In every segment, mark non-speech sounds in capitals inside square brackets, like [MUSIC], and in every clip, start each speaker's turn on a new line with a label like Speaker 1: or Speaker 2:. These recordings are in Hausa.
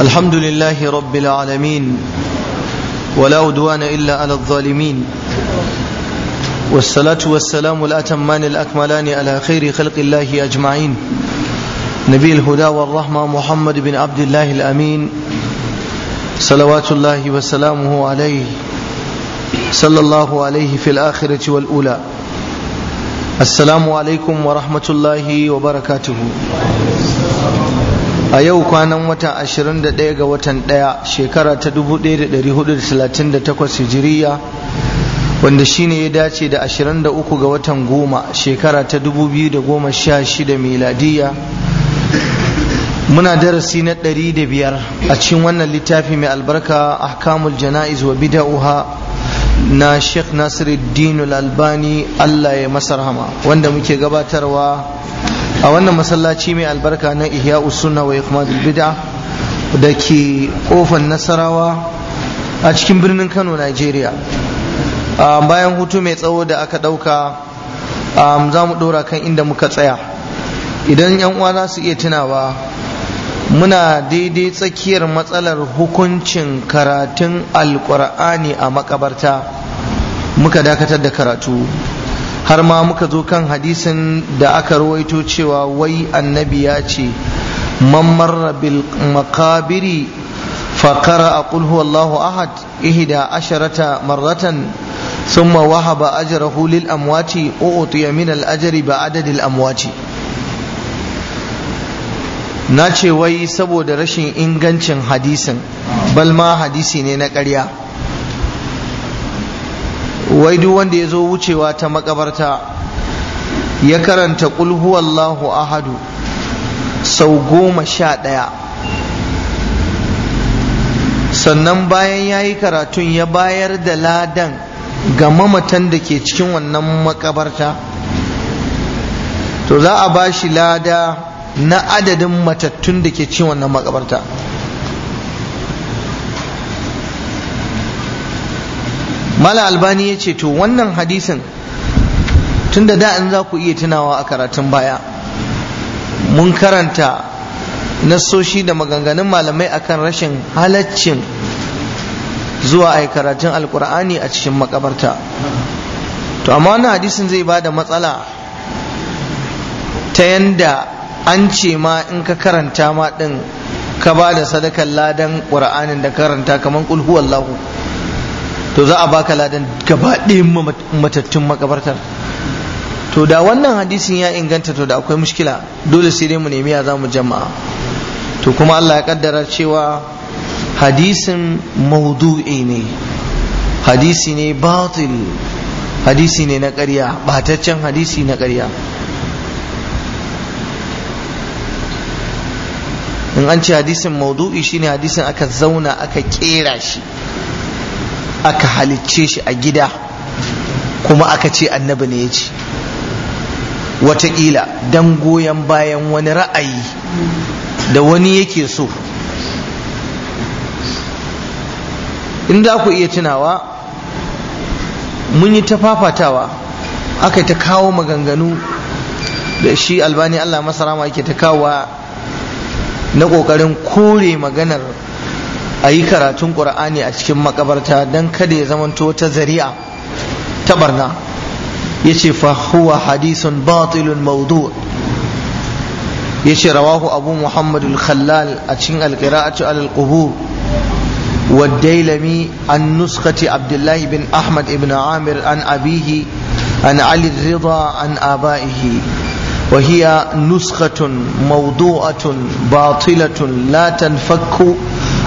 Speaker 1: الحمد لله رب العالمين ولا عدوان إلا على الظالمين والصلاة والسلام الأتمان الأكملان على خير خلق الله أجمعين نبي الهدى والرحمة محمد بن عبد الله الأمين صلوات الله وسلامه عليه صلى الله عليه في الآخرة والأولى السلام عليكم ورحمة الله وبركاته a yau kwanan watan 21 ga watan 1 shekara ta 1438 hijiriya wanda shine ya dace da 23 ga watan 10 shekara ta 2016 miladiya muna darasi na 105 a cikin wannan littafi mai albarka ahkamul jana'iz wa bida'uha na sheikh nasiruddin al-albani Allah ya masa rahama wanda muke gabatarwa a wannan masallaci mai albarka na ihya usunna wa ikhmadul bid'a da ke kofar nasarawa a cikin birnin kano nigeria bayan hutu mai tsawo da aka ɗauka za mu ɗora kan inda muka tsaya idan yan uwa za su iya tunawa muna daidai tsakiyar matsalar hukuncin karatun alkur'ani a makabarta muka dakatar da karatu har ma muka zo kan hadisin da aka rawaito cewa wai annabi ya ce man marra bil makabiri faƙara a ƙulhu Allahu ahad ihida asharata marratan thumma wahaba ajrahu lil amwati u'tiya min al ajri ba adadil amwati na ce wai saboda rashin ingancin hadisin balma hadisi ne na ƙarya wai duk wanda ya zo wucewa ta makabarta ya karanta ƙul ahadu sau goma sha ɗaya sannan bayan ya yi karatun ya bayar da ladan ga mamatan da ke cikin wannan makabarta to za a ba shi lada na adadin matattun da ke cikin wannan makabarta mala albani ya ce to wannan hadisin tun da da'an za ku iya tunawa a karatun baya mun karanta nassoshi da maganganun malamai akan rashin halaccin zuwa a karatun alkur'ani a cikin makabarta to amma wannan hadisin zai ba da matsala ta yanda an ce ma in ka karanta ma ɗin ka ba da sadakan ladan ƙur'anin da karanta kamar ƙulhu Allahu to za a baka ladan gaba ɗayan matattun makabartar to da wannan hadisin ya inganta to da akwai mushkila dole sai dai mu nemi ya zamu jama'a to kuma Allah ya kaddara cewa hadisin maudu'i ne hadisi ne batil hadisi ne na ƙarya bataccen hadisi na ƙarya in an ce hadisin maudu'i shine hadisin aka zauna aka kera shi aka halicce shi a gida kuma aka ce annabi ne ya ce wataƙila don goyon bayan wani ra'ayi da wani yake so in za ku iya tunawa mun yi ta fafatawa aka ta kawo maganganu da shi albani allah masarama yake ta kawo na ƙoƙarin kore maganar a yi karatun ƙur'ani a cikin makabarta don kada ya zamanto wata zari'a ta barna ya ce fahuwa hadisun batilun maudu ya ce rawahu abu muhammadu khallal a cikin alƙira'atu al-qubur والديلمي عن نسخة عبد الله بن أحمد بن عامر عن أبيه عن علي الرضا عن آبائه وهي نسخة موضوعة باطلة لا تنفك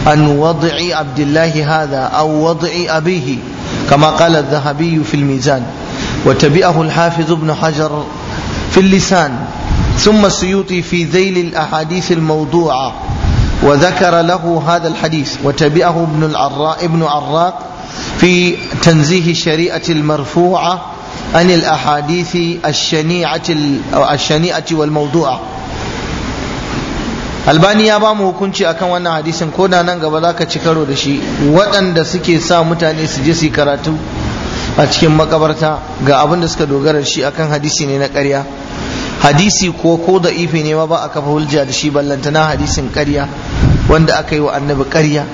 Speaker 1: عن وضع عبد الله هذا أو وضع أبيه كما قال الذهبي في الميزان وتبعه الحافظ ابن حجر في اللسان ثم السيوطي في ذيل الأحاديث الموضوعة وذكر له هذا الحديث وتبعه ابن العراق ابن عراق في تنزيه الشريعة المرفوعة عن الأحاديث الشنيعة الشنيعة والموضوعة albani ya ba mu hukunci akan wannan hadisin ko da nan gaba zaka ci karo da shi waɗanda suke sa mutane su je su karatu a cikin makabarta ga abin da suka dogara shi akan hadisi ne na ƙarya hadisi ko ko da ife ne ma ba a kafa hulja da shi ballantana hadisin ƙarya wanda aka yi wa annabi ƙarya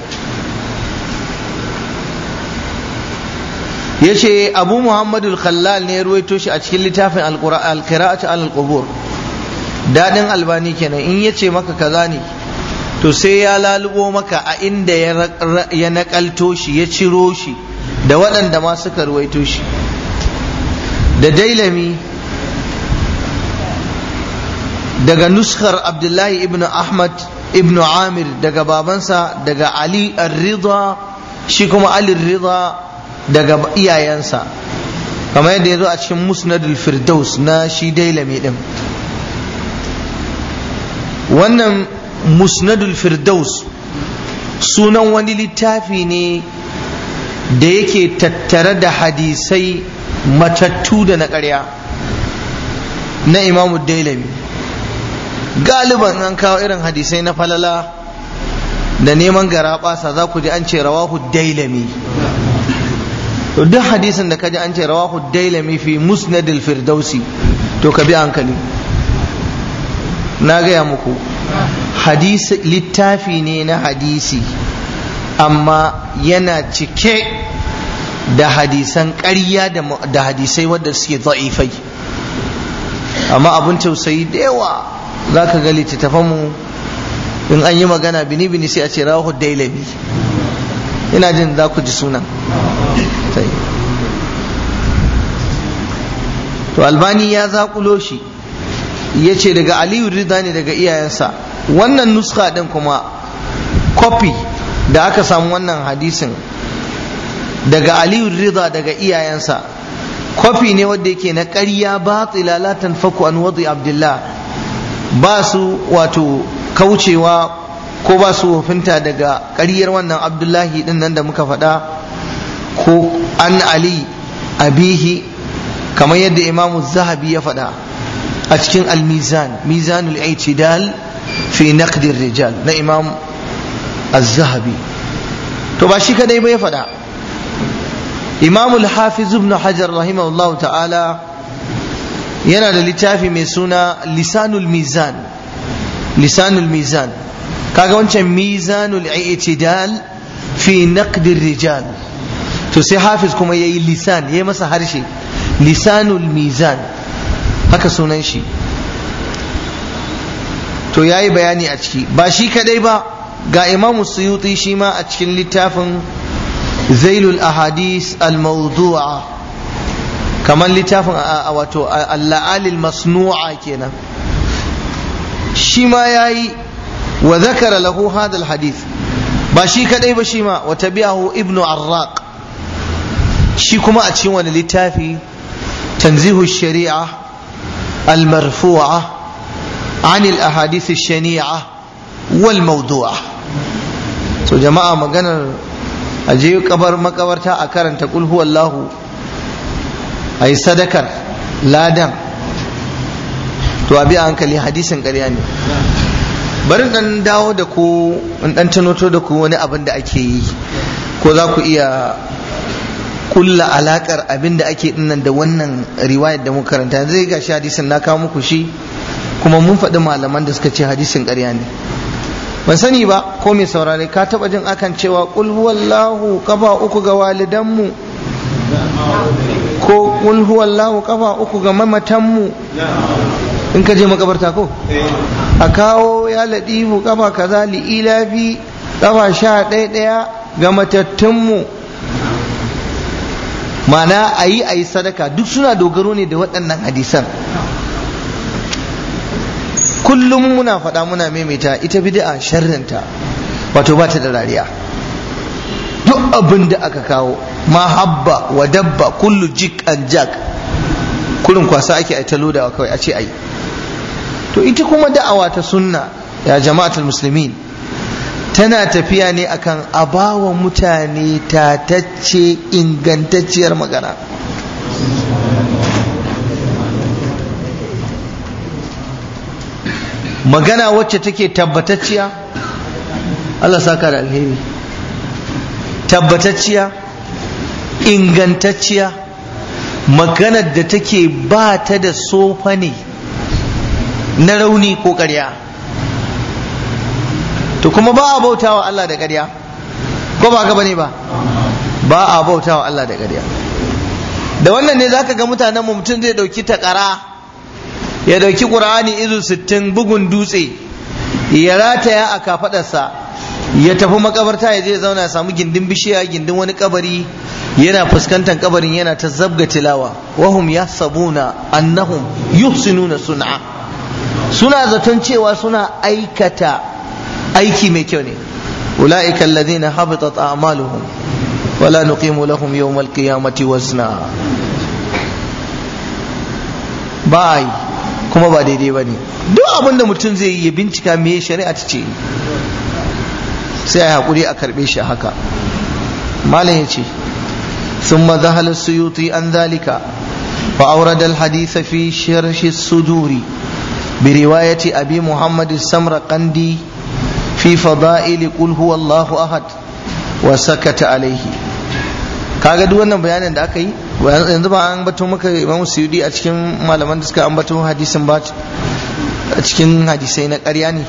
Speaker 1: yace abu muhammadul khallal ne ya ruwaito shi a cikin littafin alqira'atu al-qubur al daɗin albani kenan in ya ce maka kaza ne to sai ya lalubo maka a inda ya nakalto shi ya ciro shi da waɗanda ma suka ruwaito shi da dailami daga nuskar abdullahi ibn ahmad ibn amir daga babansa daga ali ar-ridha shi kuma ali ar daga iyayensa kamar yadda ya zo a cikin musnadul firdaus na shi dailami din wannan musnadul firdaus sunan wani littafi ne da yake tattare da hadisai matattu da na ƙarya na imamu dailami galiban an kawo irin hadisai na falala da neman gara basa za ku ji an ce rawahu dailami duk hadisin da ka ji an ce rawahu dailami fi Musnadul firdausi to ka bi hankali na gaya muku hadisi littafi ne na hadisi amma yana cike da hadisan ƙarya da hadisai wadda suke za'ifai amma abin tausayi da yawa za ka ga mu in an yi magana bini bini sai a ce rahu dailabi ina jin za ku ji sunan to albani ya zaƙulo shi ya ce daga aliyu rida ne daga iyayensa wannan nuska din kuma kofi da aka samu wannan hadisin daga aliyu rida daga iyayensa kofi ne wanda yake na ƙarya ba la tanfaku an wadi abdullah ba su wato kaucewa ko ba su hufinta daga ƙaryar wannan abdullahi din nan da muka faɗa ko an ali abihi kamar yadda imamu zahabi ya faɗa a cikin almizan mizan mizanul i'tidal fi naqdir rijal na imam az-zahabi to ba shi kadai ba ya faɗa imam al-hafiz ibn hajar rahimahullahu ta'ala yana da littafi mai suna lisanul mizan lisanul mizan kaga wancan mizanul i'tidal fi naqdir rijal to sai hafiz kuma yayi lisan yayi masa harshe lisanul mizan haka sunan shi to ya yi bayani a ciki ba shi kadai ba ga imamu suyuti shi ma a cikin littafin zailul ahadis al-mawdu'a kamar littafin wato al-la'alil masnu'a kenan shi ma ya yi wa zakara lahu hadal hadith ba shi kadai ba shi ma wa tabi'ahu ibnu arraq shi kuma a cikin wani littafi tanzihu shari'a المرفوعة عن الأحاديث الشنيعة والموضوعة so jama'a maganar a je kabar a karanta kul huwallahu a yi sadakar ladan to abi a hankali hadisin ƙarya ne bari dan dawo da ku in dan tunoto da ku wani abin da ake yi ko za ku iya kulla alakar abin da ake dinnan da wannan riwayar da muka karanta zai ga shi hadisin na kawo muku shi kuma mun faɗi malaman da suka ce hadisin ƙarya ne ban sani ba ko mai saurare ka taɓa jin akan cewa kul huwallahu kafa uku ga walidanmu ko kul huwallahu kafa uku ga mamatanmu in ka je makabarta ko a kawo ya ladifu kafa kaza li ilafi kafa sha ɗaya ɗaya ga matattunmu mana ayi-ayi sadaka duk suna dogaro ne da waɗannan hadisan kullum muna faɗa muna maimaita ita bid'a sharrinta wato ba ta da rariya duk abin da aka kawo mahabba wa dabba kullu jik an jak kurin kwasa ake a lodawa kawai a ce ai to ita kuma da'awa ta sunna ya jama'atul muslimin tana tafiya ne akan abawa mutane tatacce ingantacciyar magana magana wacce take tabbatacciya Allah saka da alheri tabbatacciya ingantacciya maganar da take ba ta da sofa ne na rauni ko ƙarya to kuma ba a bauta wa Allah da ƙarya ko ba ka bane ba ba a bauta wa Allah da ƙarya da wannan ne zaka ga mutanen mutum zai dauki takara ya dauki Qur'ani izu 60 bugun dutse ya rataya a kafaɗarsa, ya tafi makabarta ya je zauna ya samu gindin bishiya gindin wani kabari yana fuskantar kabarin yana ta zabga tilawa wahum ya na annahum yuhsinuna sun'a suna zaton cewa suna aikata aiki mai kyau ne ulaika alladhina habitat a'maluhum wala nuqimu lahum yawmal qiyamati wazna ba kuma ba daidai ba ne duk abin da mutum zai yi ya bincika me shari'a ta ce sai a hakuri a karɓe shi haka malam ya ce sun mazahalar suyuti an zalika wa aurada alhadisa fi sharhi suduri bi riwayati abi muhammad samra kandi fi fada'ili qul huwallahu ahad wa sakata alaihi kaga duk wannan bayanin da aka yi yanzu ba an bato maka Imam Suyudi a cikin malaman da suka bato hadisin ba a cikin hadisai na ƙarya ne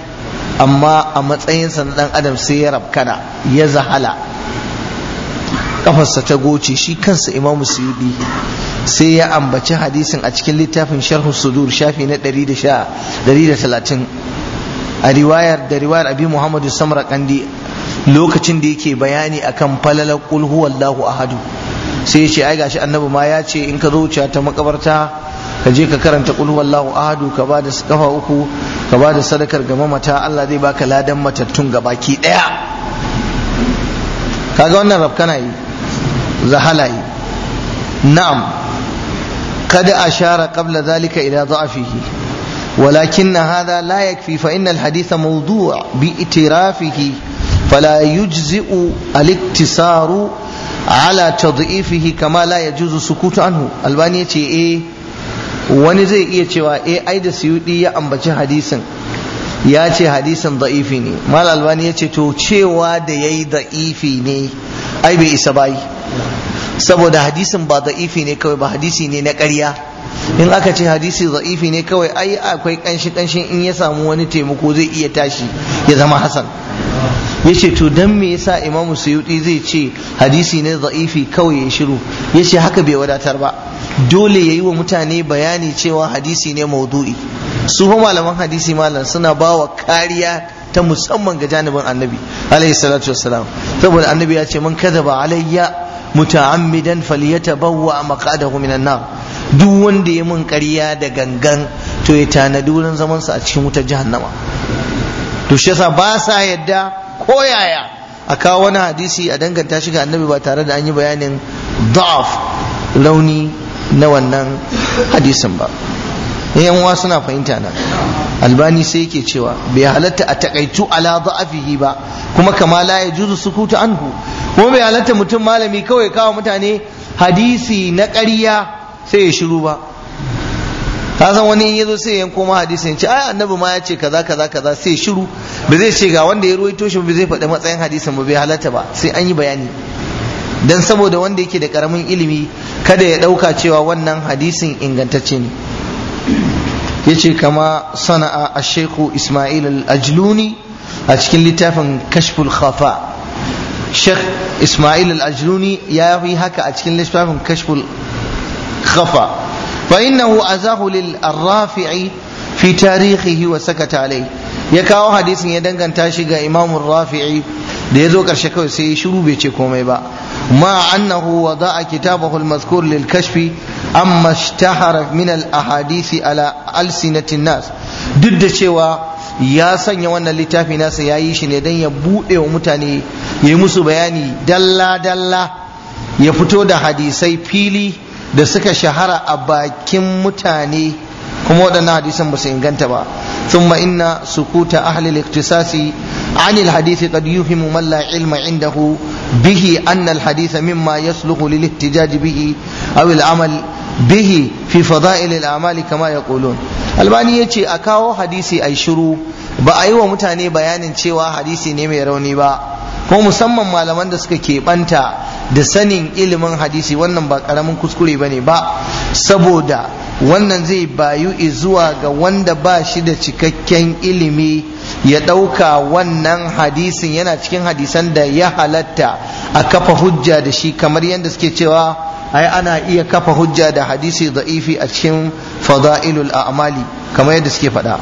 Speaker 1: amma a matsayinsa na dan adam sai ya rabkana ya zahala kafarsa ta goce shi kansa Imam Suyudi sai ya ambaci hadisin a cikin littafin sharhu sudur shafi na 130 a riwayar da riwayar abi muhammadu samra kandi lokacin da yake bayani akan falala qul huwallahu ahadu sai yace ai gashi annabi ma ya ce in ka zo wuciya ta makabarta ka je ka karanta qul huwallahu ahadu ka ba da kafa uku ka ba da sadakar ga mamata Allah zai baka ladan matattun gabaki daya kaga wannan rafkana yi zahala yi na'am kada ashara qabla zalika ila dha'fihi ولكن هذا لا يكفي فإن الحديث موضوع بإترافه فلا يجزئ الاقتصار على تضعيفه كما لا يجوز السكوت عنه الباني إيه wani zai iya cewa eh ai da suyudi ya ambaci hadisin ya ce hadisin da'ifi ne mal albani ya ce to cewa da yayi da'ifi ne ai bai isa bai saboda hadisin ba da'ifi ne kawai ba hadisi ne na ƙarya in aka ce hadisi za'ifi ne kawai ai akwai kanshi kanshin in ya samu wani taimako zai iya tashi ya zama hasan ce to dan me yasa Imam suyuti zai ce hadisi ne za'ifi kawai ya shiru Ya ce haka bai wadatar ba dole ya yi wa mutane bayani cewa hadisi ne maudu'i su fa malaman hadisi malam suna ba wa kariya ta musamman ga janibin annabi alaihi salatu wassalam saboda annabi ya ce man kadaba alayya muta'ammidan falyatabawwa maqadahu minan nar duk wanda ya mun ƙarya da gangan to ya tanadi wurin zaman sa a cikin wutar jahannama to shi yasa ba sa yadda ko yaya a kawo wani hadisi a danganta shi ga annabi ba tare da an yi bayanin da'af launi na wannan hadisin ba yan uwa suna fahimta na albani sai yake cewa bai halatta a takaitu ala da'afihi ba kuma kama la yajuzu sukutu anhu ko bai halatta mutum malami kawai kawo mutane hadisi na ƙarya sai ya shiru ba ka san wani in yazo sai ya koma hadisi ya ce ai annabi ma ya ce kaza kaza kaza sai shiru ba zai ce ga wanda ya ruwaito shi ba zai faɗi matsayin hadisin ba bai halatta ba sai an yi bayani dan saboda wanda yake da karamin ilimi kada ya ɗauka cewa wannan hadisin ingantacce ne yace kama sana'a a sheku ismail al-ajluni a cikin littafin kashful khafa Sheikh Ismail al ajruni ya yi haka a cikin littafin Kashful Khafa fa innahu azahu lil rafi'i fi tarihihi wa sakata alai ya kawo hadisin ya danganta shi ga Imam Rafi'i da ya zo karshe kawai sai shiru bai ce komai ba ma annahu wada'a kitabahu al-mazkur lil kashfi amma ishtahara min al-ahadisi ala alsinatin nas duk da cewa ya sanya wannan littafi nasa ya yi shi ne don ya buɗe wa mutane ya yi musu bayani dalla-dalla ya fito da hadisai fili da suka shahara a bakin mutane kuma waɗannan hadisan ba su inganta ba ثم إن سكوت أهل الاقتصاص عن الحديث قد يفهم من لا علم عنده به أن الحديث مما يصلح للاحتجاج به أو العمل به في فضائل الأعمال كما يقولون albani ya ce a kawo hadisi a shiru ba a yi wa mutane bayanin cewa hadisi ne mai rauni ba ko musamman malaman da suka keɓanta da sanin ilimin hadisi wannan ba ƙaramin kuskure ba ne ba saboda wannan zai bayu zuwa ga wanda ba shi da cikakken ilimi ya ɗauka wannan hadisin yana cikin hadisan da ya halatta a kafa hujja da shi kamar yadda suke cewa ai ana iya kafa hujja da hadisi da'ifi a cikin fada'ilul a'mali kamar yadda suke faɗa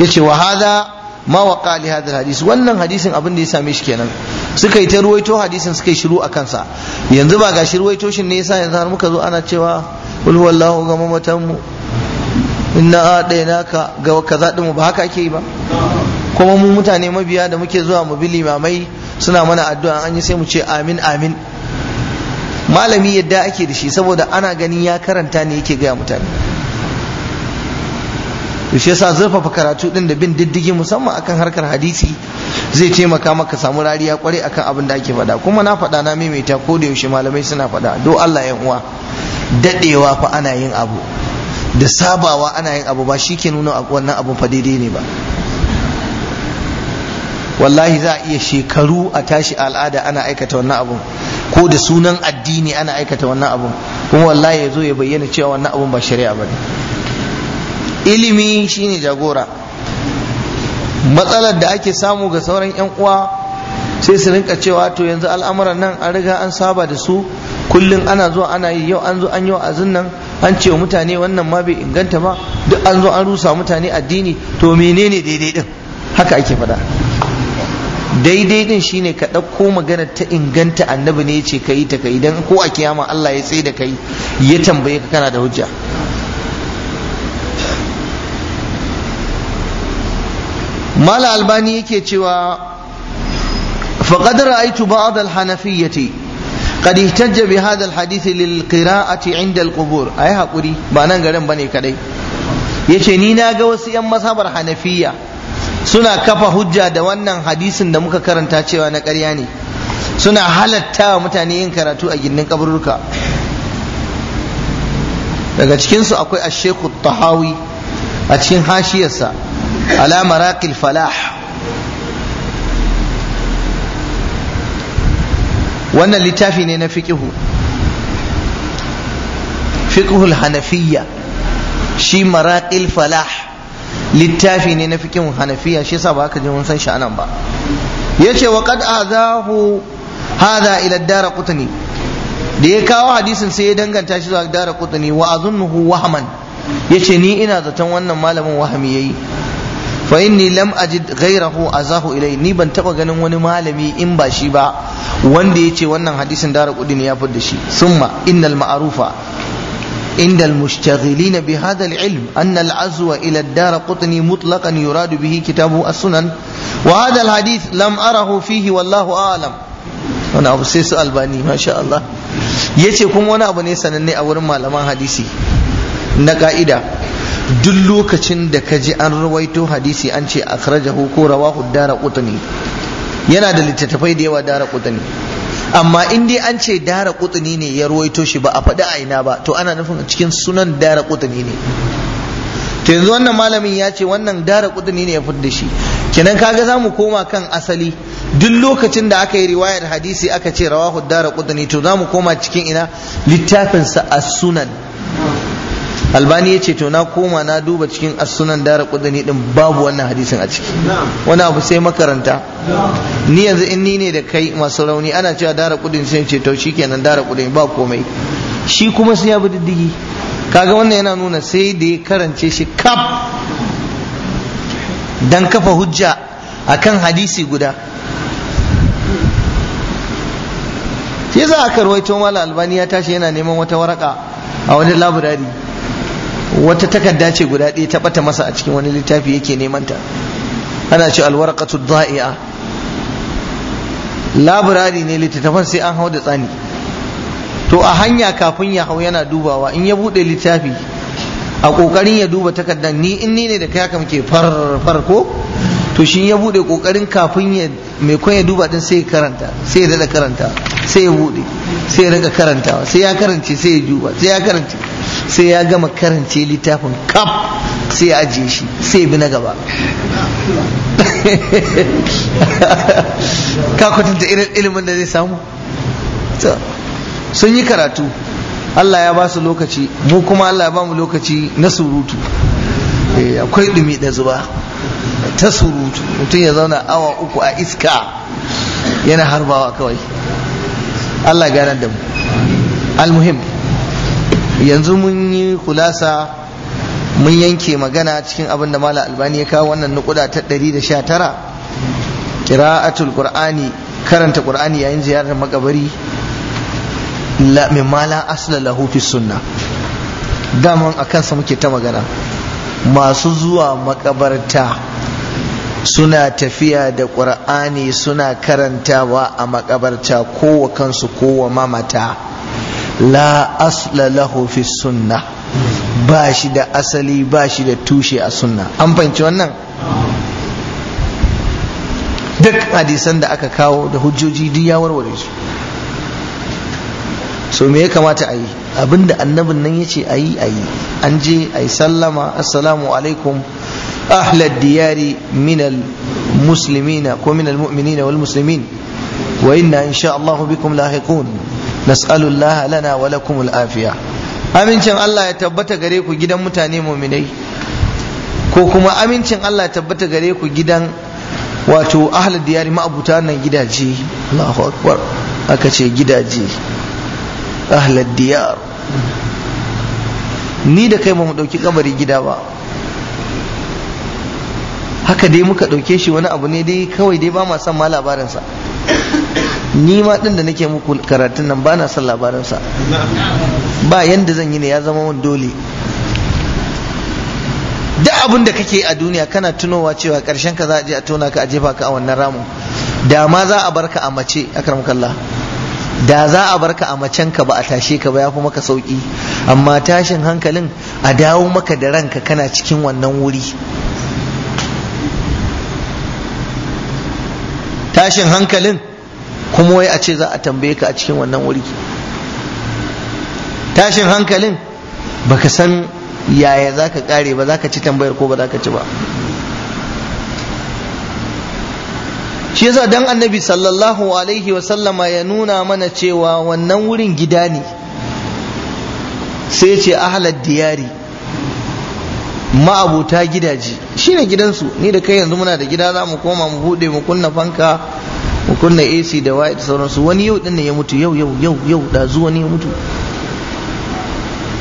Speaker 1: yace wa hadha ma waqa li hadha hadisi wannan hadisin abin da ya same shi kenan suka yi ta ruwaito hadisin suka yi shiru a kansa yanzu ba ga ruwaito shin ne yasa yanzu har muka zo ana cewa qul wallahu ga mamatan mu inna ka ga kaza din mu ba haka ake yi ba kuma mu mutane mabiya da muke zuwa mu bi limamai suna mana addu'a an yi sai mu ce amin amin malami yadda ake da shi saboda ana ganin ya karanta ne yake gaya mutane to shi yasa zurfafa karatu din da bin diddigi musamman akan harkar hadisi zai taimaka maka samu rariya kwarai akan abin da ake faɗa kuma na faɗa na maimaita ko da yaushe malamai suna faɗa do Allah yan uwa dadewa fa ana yin abu da sabawa ana yin abu ba shi ke nuna wannan abun fa daidai ne ba wallahi za a iya shekaru a tashi al'ada ana aikata wannan abun ko da sunan addini ana aikata wannan abun kuma wallahi ya zo ya bayyana cewa wannan abun ba shari'a ba ilimi shine jagora matsalar da ake samu ga sauran 'yan uwa sai su rinka cewa to yanzu al'amuran nan an riga an saba da su kullum ana zuwa ana yi yau an zo an yi wa'azin nan an ce mutane wannan ma bai inganta ba duk an zo an rusa mutane addini to menene daidai din haka ake faɗa daidai din shine ka ɗauko magana ta inganta annabi ne ce ka yi ta kai idan ko a kiyama Allah ya tsaye da kai ya tambaye ka kana da hujja mala albani yake cewa faqad ra'aytu ba'd al-hanafiyyati qad ihtajja bi hadha al-hadith lil qira'ati 'inda al-qubur Ayi hakuri ba nan garin bane kadai yace ni na ga wasu yan masabar hanafiyya suna kafa hujja da wannan hadisin da muka karanta cewa na ƙarya ne suna halatta wa mutane yin karatu a gindin kaburruka daga cikinsu akwai ashekhu tahawi a cikin hashiyarsa ala maraqil falah wannan littafi ne na fiƙihu fiƙihul hanafiyya shi maraqil falah littafi ne na fikin hanafiya shi yasa ba ka ji mun san shi anan ba yace wa qad azahu hadha ila dar da ya kawo hadisin sai ya danganta shi zuwa dar qutni wa azunnuhu wahman yace ni ina zaton wannan malamin wahami yayi fa inni lam ajid ghayrahu azahu ilai ni ban taba ganin wani malami in ba shi ba wanda yace wannan hadisin dara kudin ya fidda shi summa innal ma'rufa عند المشتغلين بهذا العلم أن العزو إلى الدار قطني مطلقا يراد به كتابه السنن وهذا الحديث لم أره فيه والله أعلم أنا أبو سيس ألباني ما شاء الله يتي كم وانا أبو نيسان أني أول ما لما حديثي نقائدة duk lokacin da ka ji an rawaito hadisi an ce akhrajahu ko rawahu dara qutni yana da littattafai da yawa dara qutni amma in dai an ce dara kutuni ne ya ruwaito shi ba a faɗi a ina ba to ana nufin cikin sunan dara kutuni ne to yanzu wannan malamin ya ce wannan dara kutuni ne ya da shi kenan kaga za mu koma kan asali duk lokacin da aka yi riwayar hadisi aka ce rawahu dara kutuni to za mu koma cikin ina littafinsa a sunan albani ya ce to na koma na duba cikin as-sunan dara kudani din babu wannan hadisin a ciki wani abu sai makaranta ni yanzu in ni ne da kai masu rauni ana cewa dara kudin sai ce to shikenan dara kudin ba komai shi kuma sai ya bi diddigi kaga wannan yana nuna sai da ya karance shi kaf dan kafa hujja akan hadisi guda sai za a karwaito mala albani ya tashi yana neman wata waraka a wani labirari wata takarda ce guda ɗaya ta ɓata masa a cikin wani littafi yake neman ta ana ce alwarqatu dha'i'a labirari ne littattafan sai an hau da tsani to a hanya kafin ya hau yana dubawa in ya buɗe littafi a ƙoƙarin ya duba takardar ni in ni ne da kai haka muke far ko to shi ya bude kokarin kafin ya mai kwan ya duba din sai ya karanta sai ya dada karanta sai ya bude sai ya rika karantawa sai ya karance sai ya duba sai ya karance sai ya gama karance littafin kaf sai ya ajiye shi sai ya bi na gaba ka kwatanta irin ilimin da zai samu sun yi karatu Allah ya ba su lokaci mu kuma Allah ya ba mu lokaci na surutu akwai dumi da zuba ta surutu mutum ya zauna awa uku a iska yana harbawa kawai Allah ganar da mu almuhim yanzu mun yi kulasa mun yanke magana cikin abin da mala albani ya kawo wannan nukuda ta 119 kira'atul qur'ani karanta qur'ani yayin ziyarar makabari la mimma la asla fi sunna daman akan sa muke ta magana masu zuwa makabarta suna tafiya da ƙur'ani suna karantawa a makabarta kowa kansu kowa mamata la asla lahu fi sunna ba shi da asali ba shi da tushe a sunna an fahimci wannan duk hadisan da aka kawo da hujjoji duk ya warware su so me ya kamata a yi abinda annabin nan ya ce a yi a yi an je a yi sallama assalamu alaikum ahlad diyari minal muslimina ko minal mu'minina wal muslimin wa inna insha Allah bikum lahiqun nas'alu Allah lana wa lakum al afiya amincin Allah ya tabbata gare ku gidan mutane mu'minai ko kuma amincin Allah ya tabbata gare ku gidan wato ahlad diyari ma'abuta nan gidaje Allahu akbar aka ce gidaje ahlal diyar ni da kai ba mu ɗauki kabari gida ba haka dai muka ɗauke shi wani abu ne dai kawai dai ba ma son ma labarinsa ni ma ɗin da nake muku karatun nan ba na son labarinsa ba yanda zan yi ne ya zama wani dole duk abin da kake a duniya kana tunowa cewa karshen ka za a je a tona ka a jefa ka a wannan ramu da ma za a barka a mace akram kallah da za a barka a macen ka ba a tashe ka ba ya fi maka sauki amma tashin hankalin a dawo maka da ranka kana cikin wannan wuri tashin hankalin kuma wai a ce za a tambaye ka a cikin wannan wuri tashin hankalin baka san yaya za ka kare ba za ka ci tambayar ko ba za ka ci ba shi yasa dan annabi sallallahu alaihi wasallama ya nuna mana cewa wannan wurin gida ne sai ce ahalar diyari ma'abuta gidaje shi ne gidansu ni da kai yanzu muna da gida za mu koma mu bude mu kunna fanka mu kunna ac da waye sauransu wani yau din ne ya mutu yau yau yau yau da zuwa ne ya mutu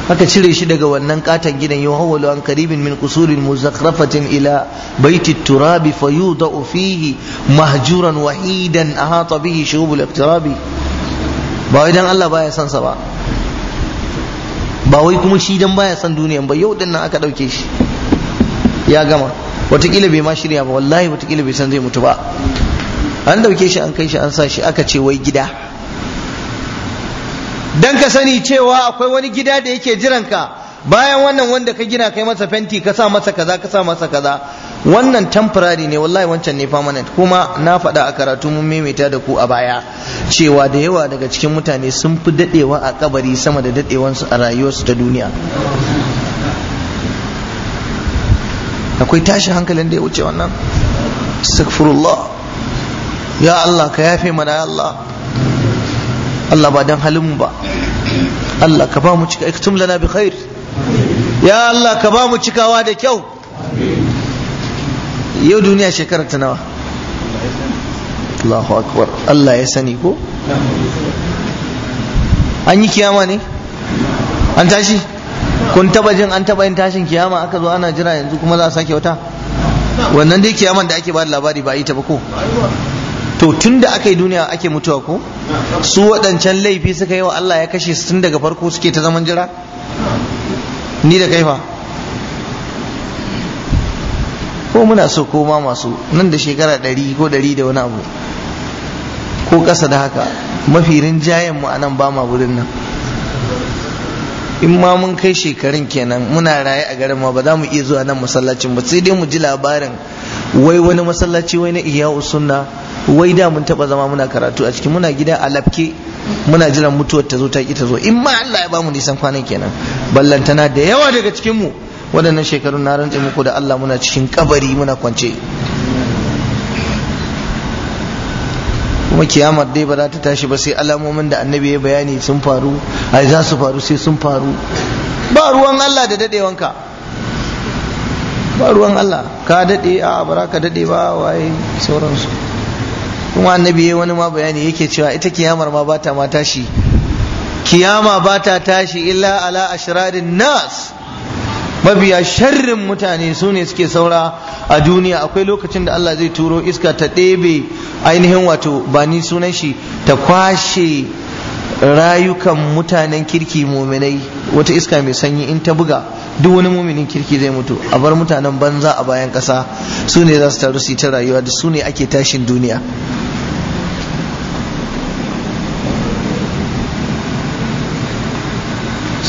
Speaker 1: aka cire shi daga wannan katon gidan hawalu an karibin min kusurin muzakrafatin ila baiti turabi fayudau fihi mahjuran wahidan a hata bihi shubul iqtirabi ba wai dan Allah baya son sa ba ba wai kuma shi dan baya son duniyan ba yau din nan aka dauke shi ya gama watakila bai ma shirya ba wallahi watakila bai san zai mutu ba an dauke shi an kai shi an sa shi aka ce wai gida dan ka sani cewa akwai wani gida da yake jiranka bayan wannan wanda ka gina kai masa fenti ka sa masa kaza ka sa masa kaza wannan temporary ne wallahi wancan ne permanent kuma na faɗa a karatu mun maimaita da ku a baya cewa da yawa daga cikin mutane sun fi dadewa a kabari sama da dadewansu a rayuwarsu ta duniya akwai tashi hankalin da ya wuce wannan astaghfirullah ya Allah ka yafe mana ya Allah Allah ba dan halin mu ba Allah ka ba mu cika iktum lana bi khair ya Allah ka ba mu cikawa da kyau yau duniya shekarar ta nawa Allahu akbar Allah ya sani ko an yi kiyama ne an tashi kun taba jin an taba yin tashin kiyama aka zo ana jira yanzu kuma za a sake wata wannan dai kiyaman da ake ba labari ba ita ba ko to tun da aka yi duniya ake mutuwa ko su waɗancan laifi suka yi wa Allah ya kashe su tun daga farko suke ta zaman jira ni da kaifa ko muna so ko ma masu nan da shekara ɗari ko ɗari da wani abu ko ƙasa da haka mafi rinjayen mu anan ba ma wurin nan in ma mun kai shekarun kenan muna raye a garin ma ba za mu iya zuwa nan masallacin ba sai dai mu ji labarin wai wani masallaci wai na iya sunna wai da mun taba zama muna karatu a cikin muna gida a lafke muna jiran mutuwar ta zo ta ki ta zo in ma Allah ya bamu nisan kwanan kenan ballantana da yawa daga cikin mu waɗannan shekarun na rantse muku da Allah muna cikin kabari muna kwance kuma kiyama dai ba za ta tashi ba sai alamomin da annabi ya bayani sun faru ai za su faru sai sun faru ba ruwan Allah da dadewanka ba ruwan Allah ka daɗe a bara ka daɗe ba waye sauransu kuma annabi ya wani ma bayani yake cewa ita kiyamar ma bata ma tashi kiyama bata tashi illa ala ashrarin nas mabiya sharrin mutane sune suke saura a duniya akwai lokacin da Allah zai turo iska ta ɗebe ainihin wato ba ni sunan shi ta kwashe rayukan mutanen kirki muminai wata iska mai sanyi in ta buga duk wani muminin kirki zai mutu a bar mutanen banza a bayan kasa su ne za su taru su yi ta rayuwa da su ne ake tashin duniya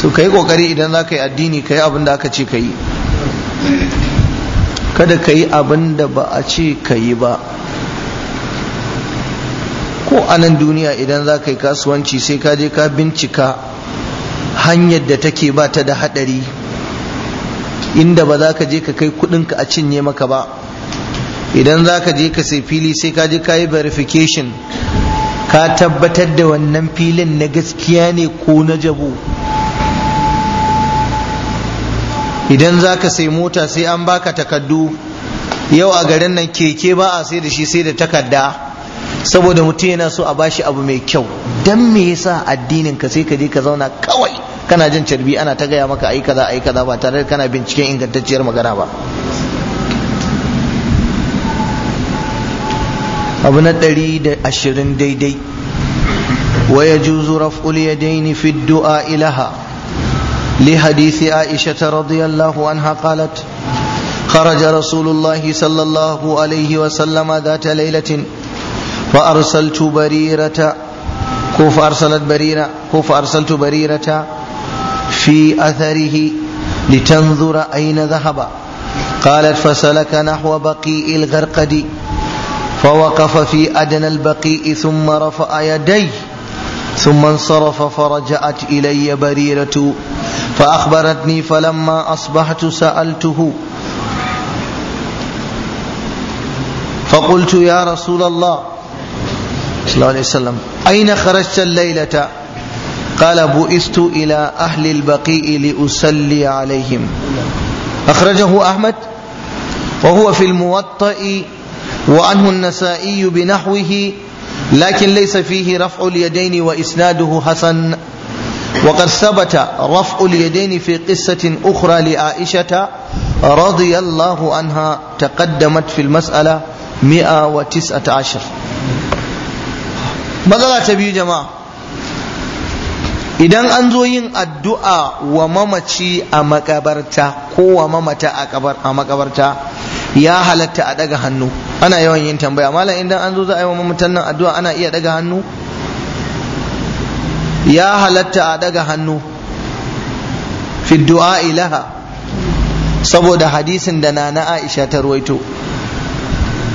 Speaker 1: su ka yi kokari idan za ka yi addini ka yi abin da aka ce ka yi kada ka yi abin da ba a ce ka yi ba ko a nan duniya idan za ka yi kasuwanci sai ka je ka bincika hanyar da take ba ta da haɗari inda ba za ka je ka kai kudinka a cinye maka ba idan za ka je ka sai fili sai ka je ka yi verification ka tabbatar da wannan filin na gaskiya ne ko na jabo idan za ka sai mota sai an baka takaddu yau a garin nan keke ba a sai da shi sai da takarda. saboda mutum yana so a bashi abu mai kyau don me yasa addinin ka sai ka je ka zauna kawai kana jin carbi ana ta gaya maka ayi kaza ayi kaza ba tare da kana binciken ingantacciyar magana ba abu na ɗari da ashirin daidai wa ya juzu raf'ul yadaini fi du'a ilaha لحديث عائشة رضي الله عنها قالت خرج رسول الله صلى الله عليه وسلم ذات ليلة فأرسلت بريرة كوف أرسلت بريرة كوف أرسلت بريرة في أثره لتنظر أين ذهب قالت فسلك نحو بقيء الغرقد فوقف في أدنى البقيء ثم رفع يديه ثم انصرف فرجعت إلي بريرة فأخبرتني فلما أصبحت سألته فقلت يا رسول الله صلى الله عليه وسلم أين خرجت الليلة قال بؤست إلى أهل البقيء لأسلي عليهم أخرجه أحمد وهو في الموطأ وعنه النسائي بنحوه لكن ليس فيه رفع اليدين وإسناده حسن وقد ثبت رفع اليدين في قصة أخرى لعائشة رضي الله عنها تقدمت في المسألة 119 لا تبي جماعة idan an zo yin addu'a wa mamaci a makabarta ko wa mamata a makabarta ya halatta a daga hannu ana yawan yin tambaya malam idan an zo za a yi wa mamatan nan addu'a ana iya daga hannu ya halatta a daga hannu fi du'a ilaha saboda hadisin da na na aisha ta ruwaito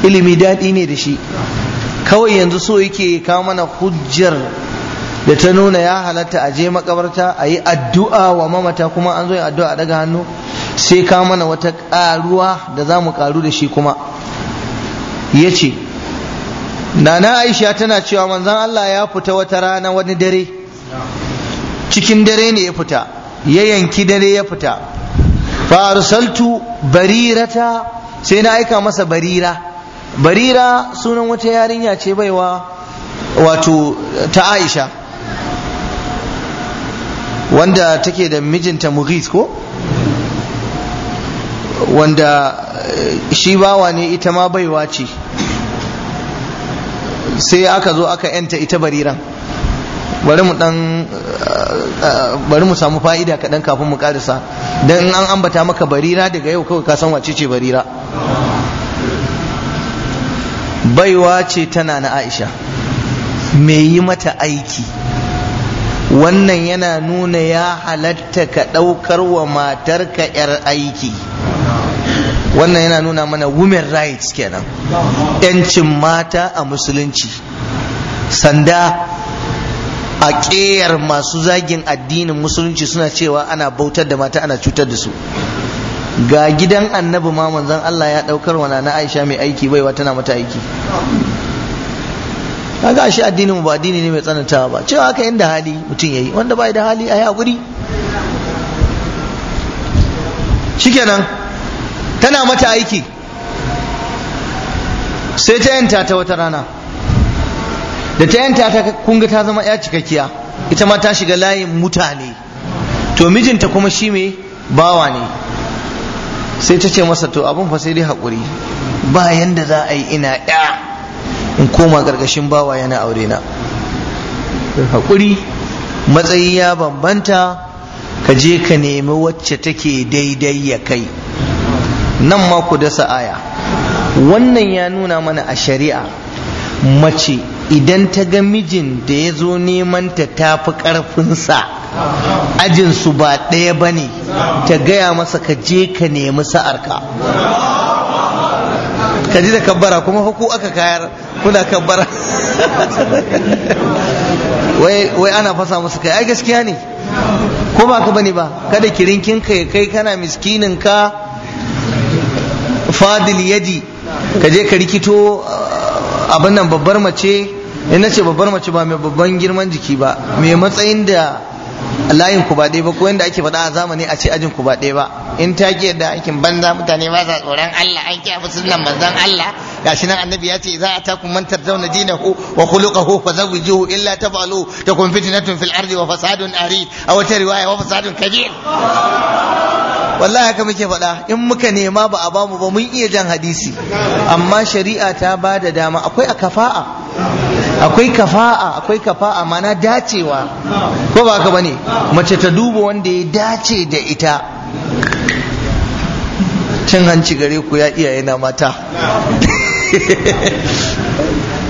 Speaker 1: ilimi daɗi ne da shi kawai yanzu so yake kawo mana hujjar da ta nuna ya halatta a je makabarta a yi addu'a wa mamata kuma an zo yin addu'a a daga hannu sai ka mana wata ƙaruwa da za mu ƙaru da shi kuma ya ce nana aisha tana cewa manzan Allah ya fita wata rana wani dare cikin dare ne ya fita ya yanki dare ya fita fa arsaltu barirata sai na aika masa barira barira sunan wata yarinya ce baiwa wato ta aisha wanda take da mijinta mughis ko wanda eh, shi bawa ne ita ma baiwa ce sai aka zo aka yanta ita bariran bari mu dan eh, eh, bari mu samu fa'ida kaɗan kafin mu karisa don in an ambata maka barira daga yau kawai ka san wace ce barira baiwa ce tana na aisha mai yi mata aiki wannan yana nuna ya halatta ka ɗaukar wa matarka 'yar aiki wannan yana nuna mana women rights kenan 'yancin mata a musulunci sanda a ƙeyar masu zagin addinin musulunci suna cewa ana bautar da mata ana cutar da su ga gidan annabi ma manzon Allah ya ɗaukar wa na Aisha mai aiki baiwa tana mata aiki kaga shi addinin mu ba addini ne mai tsanantawa ba cewa haka inda hali mutum yayi wanda bai da hali a hakuri shikenan tana mata aiki sai ta yanta ta wata rana da ta yanta ta kunga ta zama ya cikakkiya ita ma ta shiga layin mutane to mijinta kuma shi mai bawa ne sai ta ce masa to abin fa sai dai haƙuri ba yanda za a yi ina ɗaya in koma ƙarƙashin bawa yana aure na haƙuri matsayi ya bambanta ka je ka nemi wacce take daidai ya kai nan ma ku dasa aya wannan ya nuna mana a shari'a mace idan ta ga mijin da ya zo neman ta tafi ƙarfinsa ajinsu ba ɗaya ba ne ta gaya masa ka je ka nemi sa'arka ka ji da kabbara kuma huku aka kayar kuna kabbara [LAUGHS] wai ana fasa musu kai ai gaskiya ne ko ba ka bane ba kada kirinkin kai kai kana miskinin ka fadil yadi ka je ka rikito uh, abin nan babbar mace in nace babbar mace ba mai babban girman jiki ba mai matsayin da layin ku ba ɗaya ba ko yanda ake faɗa a zamani a ce ajin ku ba ɗaya ba in ta ki yadda aikin banza mutane ba sa tsoron Allah an ki abu sunan manzon Allah gashi nan annabi ya ce za a taku man tarzawna dinahu wa khuluquhu fa zawjuhu illa taf'alu takun fitnatun fil ardi wa fasadun arid a wata riwaya wa fasadun kabir wallahi haka muke faɗa in muka nema ba a bamu ba mun iya jan hadisi amma shari'a ta bada dama akwai akafa'a akwai kafa'a akwai kafa'a mana dacewa ko ba ka bane mace ta duba wanda ya dace da ita cin hanci gare ku ya iyaye na mata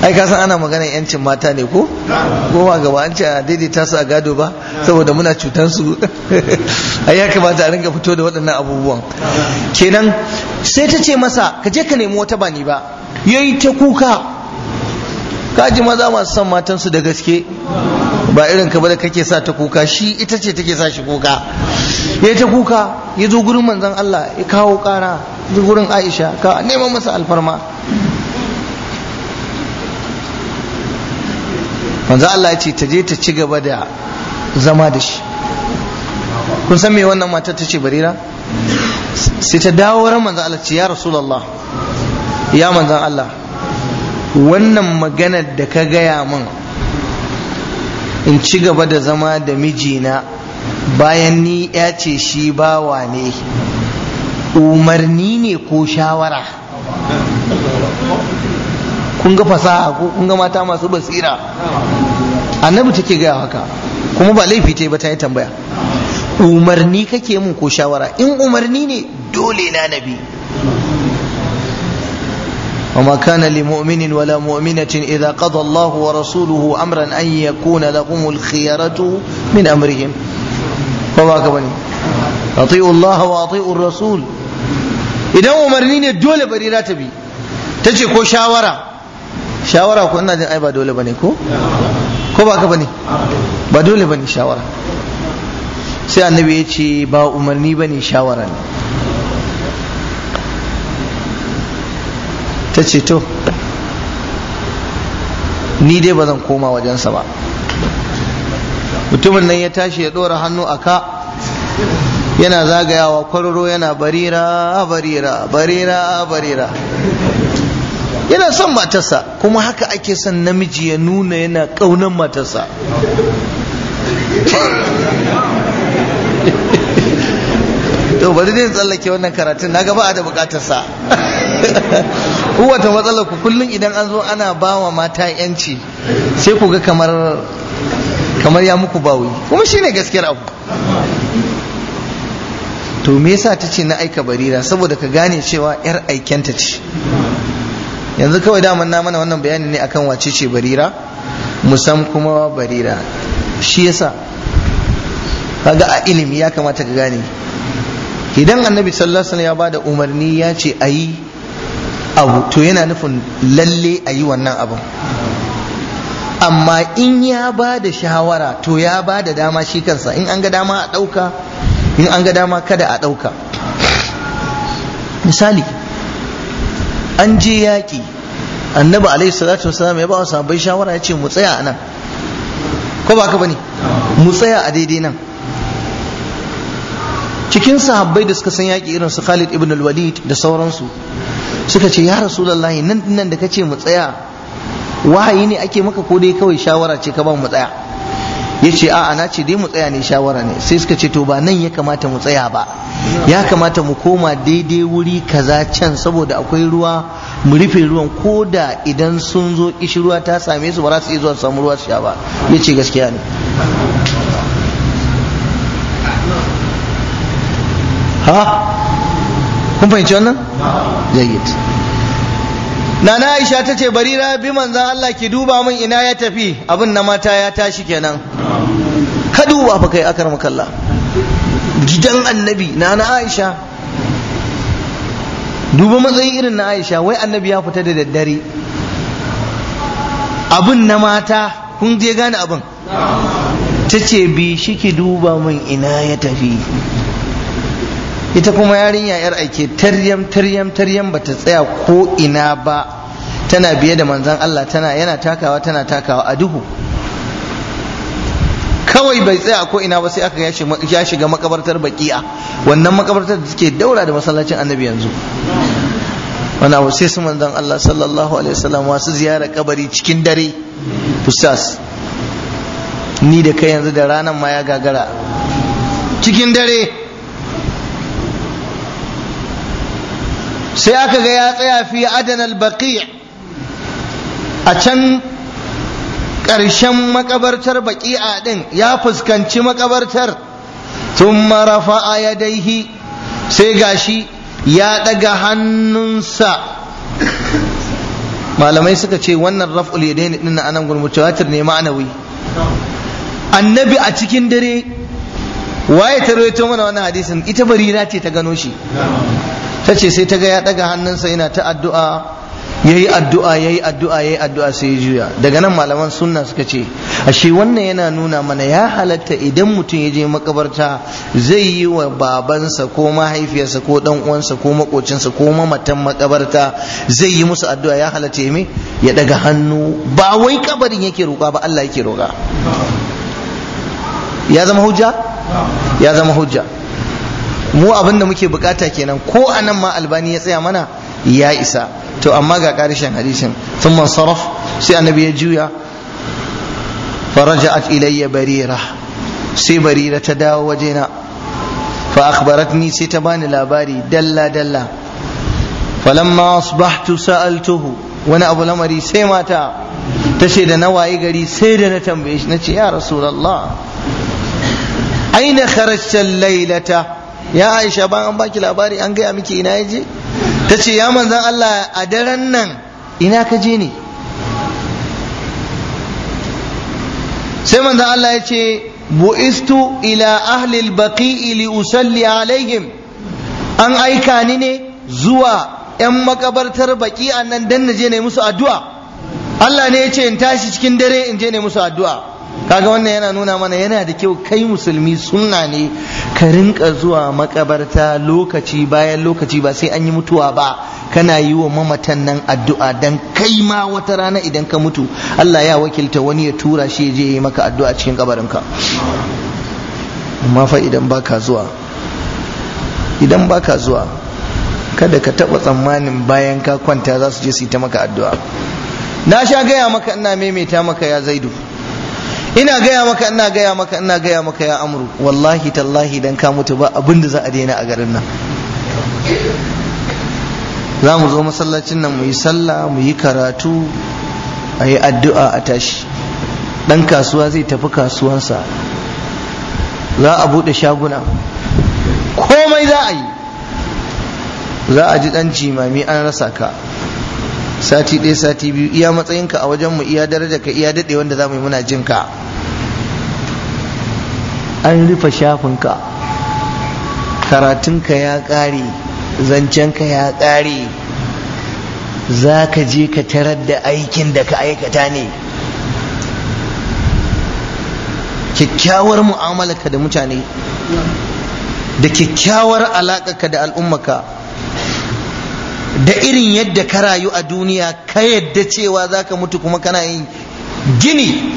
Speaker 1: ai ka san ana magana yancin mata ne ko ba gaba an ce a daidaita su a gado ba saboda muna cutan su ai ya kamata a ringa fito da waɗannan abubuwan kenan sai ta ce masa ka je ka nemi wata ba ni ba yayi ta kuka kaji maza masu son matansu da gaske ba irin ka da kake sa ta kuka shi ita ce take sa shi kuka ya ta kuka ya zo gurin manzon Allah ya kawo kara zo gurin Aisha ka neman masa alfarma manzon Allah ya ce ta je ta ci gaba da zama da shi kun san me wannan matar ta ce barira sai ta dawo ran manzon Allah ce ya rasulullah ya manzon Allah wannan maganar da ka gaya min in ci gaba da zama da mijina bayan ni ya ce shi bawa ne umarni ne ko shawara kun ga fasaha ko kun ga mata masu basira annabi take gaya haka kuma ba laifi ta yi ba ta yi tambaya umarni kake mun ko shawara in umarni ne dole na nabi وما كان لمؤمن ولا مؤمنة إذا قضى الله ورسوله أمرا أن يكون لهم الخيرة من أمرهم وما كبني أطيعوا الله وأطيعوا الرسول إذا أمرني الدولة بريرة تبي تجي كو شاورة شاورة كو أنا أي دولة بني كو كو باك بني بدولة بني شاورة sai annabi ya ce ba umarni ba ne shawara ne ta ce to ni dai ba zan koma wajensa ba mutumin nan ya tashi ya ɗora hannu a ka yana zagayawa kwararo yana barira barira barira barira yana son matarsa kuma haka ake son namiji ya nuna yana ƙaunar matarsa yau bari dai tsallake wannan karatun na gaba da bukatar sa [LAUGHS] wata matsala ku kullum idan an zo ana ba wa mata yanci sai ku ga kamar ya muku bawi kuma shine gaskiyar abu to me yasa ta ce na aika barira saboda ka gane cewa yar aikenta ce yanzu kawai daman na mana wannan bayani ne akan wace ce barira musam kuma barira shi yasa kaga a ilimi ya kamata ka gane idan annabi sallallahu alaihi ya bada umarni ya ce a yi abu to yana nufin lalle a yi wannan abin amma in ya ba da shawara to ya ba da dama shi kansa in an ga dama a ɗauka in an ga dama kada a ɗauka misali an je yaƙi annabi alaihi salatu wasalam ya ba wa sahabbai shawara ya ce mu tsaya a nan ko ba ka bane mu tsaya a daidai nan cikin sahabbai da suka san yaƙi irin su Khalid ibn al-Walid da sauransu suka ce ya Rasulullahi nan nan da kace mu tsaya wahayi ne ake maka ko dai kawai shawara ce ka ba mu tsaya yace a'a na ce dai mu tsaya ne shawara ne sai suka ce to ba nan ya kamata mu tsaya ba ya kamata mu koma daidai wuri kaza can saboda akwai ruwa mu rufe ruwan ko da idan sun zo kishi ruwa ta same su ba za su iya zuwa samu ruwa su sha ba yace gaskiya ne ha kun fahimci wannan jayyid nana aisha ta ce bari na bi manzan Allah ki duba min ina ya tafi abin na mata ya tashi kenan ka duba fa kai akar makalla gidan annabi na na aisha duba matsayin irin na aisha wai annabi ya fita da daddare abin na mata kun je gane abin ta ce bi shi ki duba min ina ya tafi ita kuma yarinya yar aike taryam taryam taryam bata tsaya ko ina ba tana biye da manzon Allah tana yana takawa tana takawa a duhu kawai bai tsaya ko ina ba sai aka ya shiga makabartar baki'a wannan makabartar da take daura da masallacin annabi yanzu wani abu sai su manzon Allah sallallahu alaihi wasallam wasu ziyara kabari cikin dare ustaz ni da kai yanzu da ranan ma ya gagara cikin dare sai aka ga ya tsaya fi adana baqi a can ƙarshen makabartar baƙi'a din ya fuskanci makabartar tun marafa ya sai gashi ya ɗaga hannunsa malamai suka ce wannan raf'ul yadaini din na anan gulmutawatir ne ma'anawi annabi a cikin dare waye ta mana wannan hadisin ita barira ce ta gano shi ta ce sai ta ga ya daga hannunsa yana ta addu'a yayi addu'a yayi addu'a yayi addu'a sai ya juya daga nan malaman sunna suka ce ashe wannan yana nuna mana ya halatta idan mutum ya je makabarta zai yi wa babansa ko mahaifiyarsa ko dan uwansa ko makocinsa ko mamatan makabarta zai yi musu addu'a ya halatta ya me ya daga hannu ba wai kabarin yake roƙa ba Allah yake roƙa ya zama hujja ya zama hujja mu abin da muke bukata kenan ko anan ma albani ya tsaya mana ya isa to amma ga karshen hadisin thumma saraf sai annabi ya juya faraja'at ilayya barira sai barira ta dawo wajena fa akhbaratni sai ta bani labari dalla dalla falamma asbahtu sa'altuhu wani abu lamari sai mata ta ce da nawayi gari sai da na tambaye shi na ce ya rasulallah aina kharajta lailata ya aisha ban an baki labari an gaya miki ina yaje ta ce ya manzan Allah a daren nan ina ka je ne sai manzan Allah ya ce bu'istu ila ahlil baqi'i li usalli alaihim an aika ni ne zuwa 'yan makabartar baƙi nan dan na je ne musu addu'a Allah ne ya ce in tashi cikin dare in je ne musu addu'a kaga wannan yana nuna mana yana da kyau kai musulmi sunna ne ka rinka zuwa makabarta lokaci bayan lokaci ba sai an yi mutuwa ba kana yi wa mamatan nan addu'a dan kai ma wata rana idan ka mutu Allah ya wakilta wani ya tura shi je yi maka addu'a cikin ka amma fa idan baka zuwa idan baka zuwa kada ka taba tsammanin bayan ka kwanta za su je su yi ta maka addu'a na sha gaya maka ina maimaita maka ya zaidu ina gaya maka ina gaya maka ina gaya maka ya amru wallahi tallahi dan ka mutu ba abin da za a daina a garin nan za mu zo masallacin nan mu yi sallah mu yi karatu a yi addu'a a tashi dan kasuwa zai tafi kasuwansa za a buɗe shaguna komai za a yi za a ji dan jimami an rasa ka sati ɗaya sati biyu iya matsayinka a wajenmu iya daraja ka iya daɗe wanda za mu yi muna jin ka an rufe shafinka karatunka ya ƙare zancenka ya ƙare za ka je ka tarar da aikin da ka aikata ne kyakkyawar mu'amalarka da mutane da kyakkyawar alaƙarka da al'ummaka da irin yadda ka rayu a duniya ka yadda cewa za ka mutu kuma kana yin gini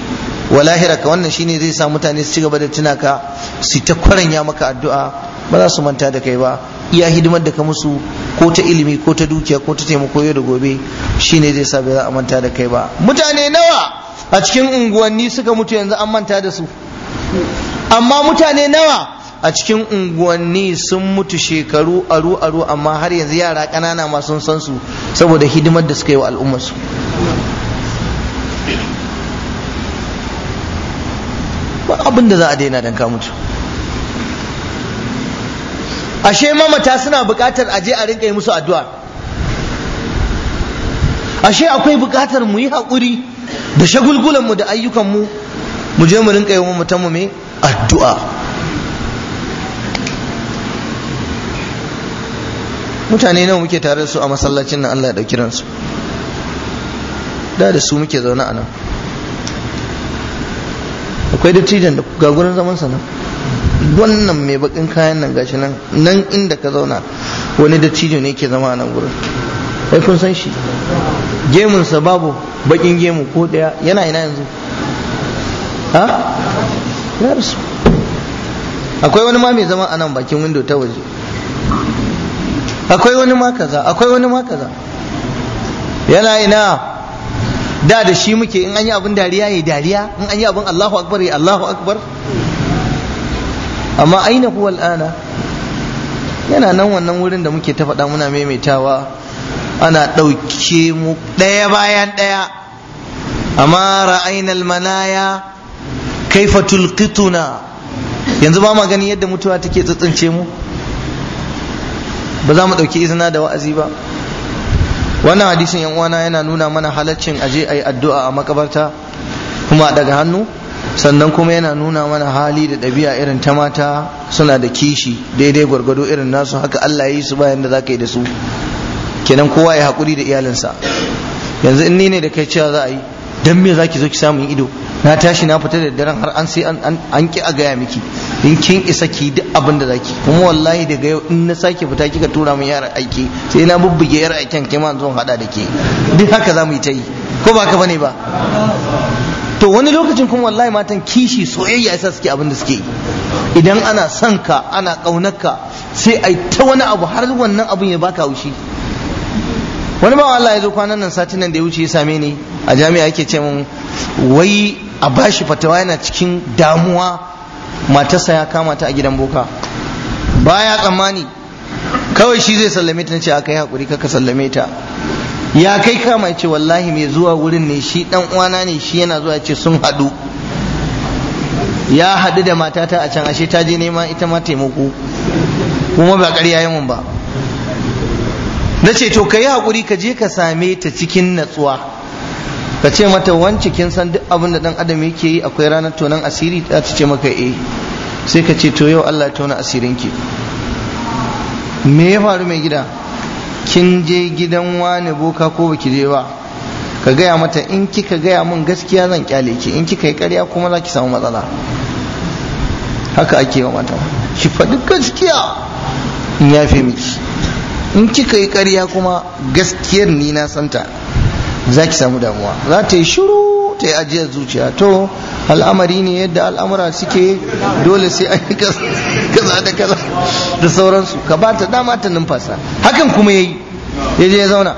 Speaker 1: walahiraka wannan shine zai sa mutane su ci gaba da tuna ka su ta kwaranya maka addu'a ba za su manta da kai ba iya hidimar da ka musu ko ta ilimi ko ta dukiya ko ta taimako yau da gobe shine zai sa ba za a manta da kai ba mutane nawa a cikin unguwanni suka mutu yanzu an manta da su amma mutane nawa a cikin unguwanni sun mutu shekaru aru aru amma har yanzu yara ƙanana ma sun san su saboda hidimar da suka yi wa al'ummarsu ba abin da za a daina don ka mutu ashe mamata suna buƙatar aje a rinka yi musu addu'a ashe akwai buƙatar mu yi haƙuri da shagulgulanmu da ayyukanmu mu je mu rinka yi wa mutanmu mai addu'a mutane nawa muke tare da su a masallacin nan Allah ya dauki ransu da da su muke zaune a nan akwai dattijan da ga gurin zaman sa nan wannan mai bakin kayan nan gashi nan nan inda ka zauna wani dattijo ne ke zama a nan gurin ai kun san shi gemunsa babu bakin gemu ko daya yana ina yanzu ha ya akwai wani ma mai zama a nan bakin window ta waje akwai wani ma kaza akwai wani ma kaza yana ina da da shi muke in an yi abin dariya ya dariya in an yi abin Allahu akbar ya Allahu akbar amma aina huwa al'ana yana nan wannan wurin da muke ta faɗa muna maimaitawa ana ɗauke mu ɗaya bayan ɗaya amma ra'ayna almanaya kaifa tulqituna yanzu ba ma gani yadda mutuwa take tsitsince mu ba za mu ɗauki izina da wa'azi ba wannan hadisin yan uwana yana nuna mana halaccin aje ayi addu'a a makabarta kuma daga hannu sannan kuma yana nuna mana hali da ɗabi'a irin ta mata suna da kishi daidai gwargwado irin nasu haka Allah ya yi su bayan da za ka yi da su kenan kowa ya hakuri da iyalinsa yanzu in ni ne da kai cewa za a yi don me za ki zo ki samun ido na tashi na fita da daren har an sai an ki a gaya miki in kin isa ki duk abin da zaki kuma wallahi daga yau in na sake fita kika tura min yara aiki sai na bubbuge yara aikin kai ma zan hada da ke duk haka za mu yi ta yi ko ba ka bane ba to wani lokacin kuma wallahi matan kishi soyayya yasa suke abin da suke yi idan ana son ka ana kaunarka sai ai ta wani abu har wannan abin ya baka haushi wani ba Allah ya zo kwanan nan satin nan da ya wuce ya same ni a jami'a yake ce min wai a bashi fatawa yana cikin damuwa matarsa ya kama ta a gidan boka baya tsammani kawai shi zai sallame ta ce aka yi hakuri kaka sallame ta ya kai kama ya ce wallahi mai zuwa wurin ne shi dan uwana ne shi yana zuwa ce sun haɗu ya haɗu da matata a can ashe ta je nema ita ma taimako kuma ba ƙarya yi mun ba na ce to ka yi haƙuri ka je ka same ta cikin natsuwa ka ce mata wance kin san duk abin da dan adam yake yi akwai ranar tonan asiri ta ce maka eh sai ka ce to yau Allah ya tona asirin ki me ya faru mai gida kin je gidan wani boka ko baki je ba ka gaya mata in kika gaya min gaskiya zan kyale ki in kika yi karya kuma za ki samu matsala haka ake wa mata ki faɗi gaskiya in ya fi miki in kika yi karya kuma gaskiyar ni na santa za ki samu damuwa za ta yi shiru ta yi ajiyar zuciya to al'amari ne yadda al'amura suke dole sai an yi kaza da kaza da sauransu ka ba ta dama ta numfasa hakan kuma ya yi ya je ya zauna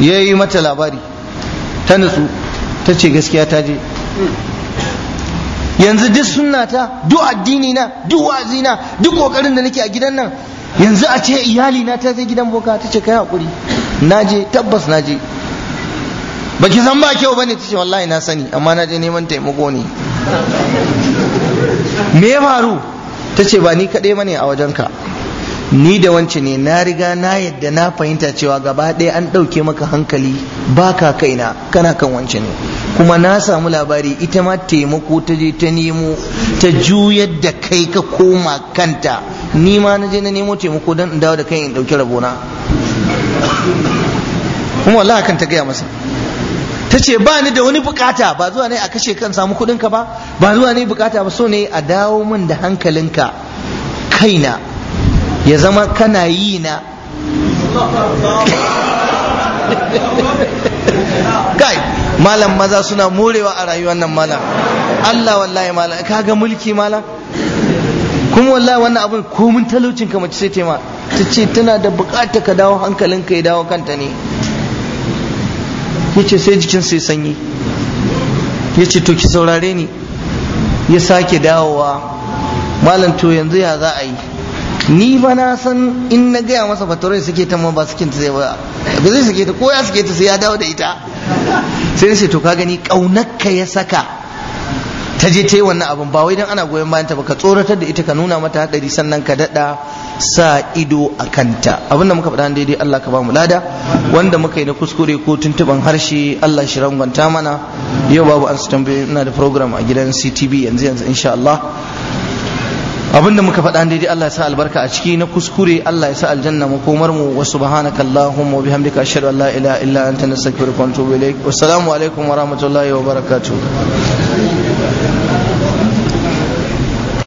Speaker 1: ya yi mata labari ta nutsu ta ce gaskiya ta je yanzu duk ta duk addini na duk wazi na duk kokarin da nake a gidan nan yanzu a ce iyali na ta zai gidan boka ta ce kai hakuri je tabbas na je. baki san ba kyau bane tace wallahi na sani amma na je neman taimako ne me ya faru tace ba ni kadai bane a wajenka ni da wance ne na riga na yadda na fahimta cewa gaba ɗaya an ɗauke maka hankali baka kaina kana kan wance ne kuma na samu labari ita ma taimako ta je ta nemo ta juyar da kai ka koma kanta ni ma na je na nemo taimako don in dawo da kai in ɗauki rabona kuma wallahi kan ta gaya masa ta ce ba ni da wani bukata ba zuwa ne a kashe kan samu kudinka ba ba zuwa ne bukata ba so ne a dawo min da hankalinka kaina ya zama kana yi na [LAUGHS] kai malam maza suna morewa a rayuwar nan malam Allah wallahi malam ga mulki malam kuma wallahi wannan abin komin talaucin kamar mace sai ta ce tana da bukata ka dawo hankalinka ya dawo kanta ne yace sai jikin sai sanyi yace to ki saurare ni ya sake dawowa malam to yanzu ya za a yi ni ba na san in na gaya masa fatarai suke ta ma ba suke ta zai ba ba zai suke ta ko ya suke ta sai ya dawo da ita sai sai to ka gani kaunarka ya saka ta je ta yi wannan abin ba wai dan ana goyon bayan ta ba ka tsoratar da ita ka nuna mata hadari sannan ka dada sa ido a kanta abinda muka faɗa daidai Allah ka ba mu lada wanda muka yi na kuskure ko tuntuban harshe Allah shi rangwanta mana yau babu an su tambaye ina da program a gidan CTV yanzu yanzu insha Allah abinda muka faɗa daidai Allah ya sa albarka a ciki na kuskure Allah ya sa aljanna makomar mu wa subhanaka allahumma wa bihamdika ashhadu an la ilaha illa anta nastaghfiruka wa atubu ilaik wassalamu alaikum wa rahmatullahi wa barakatuh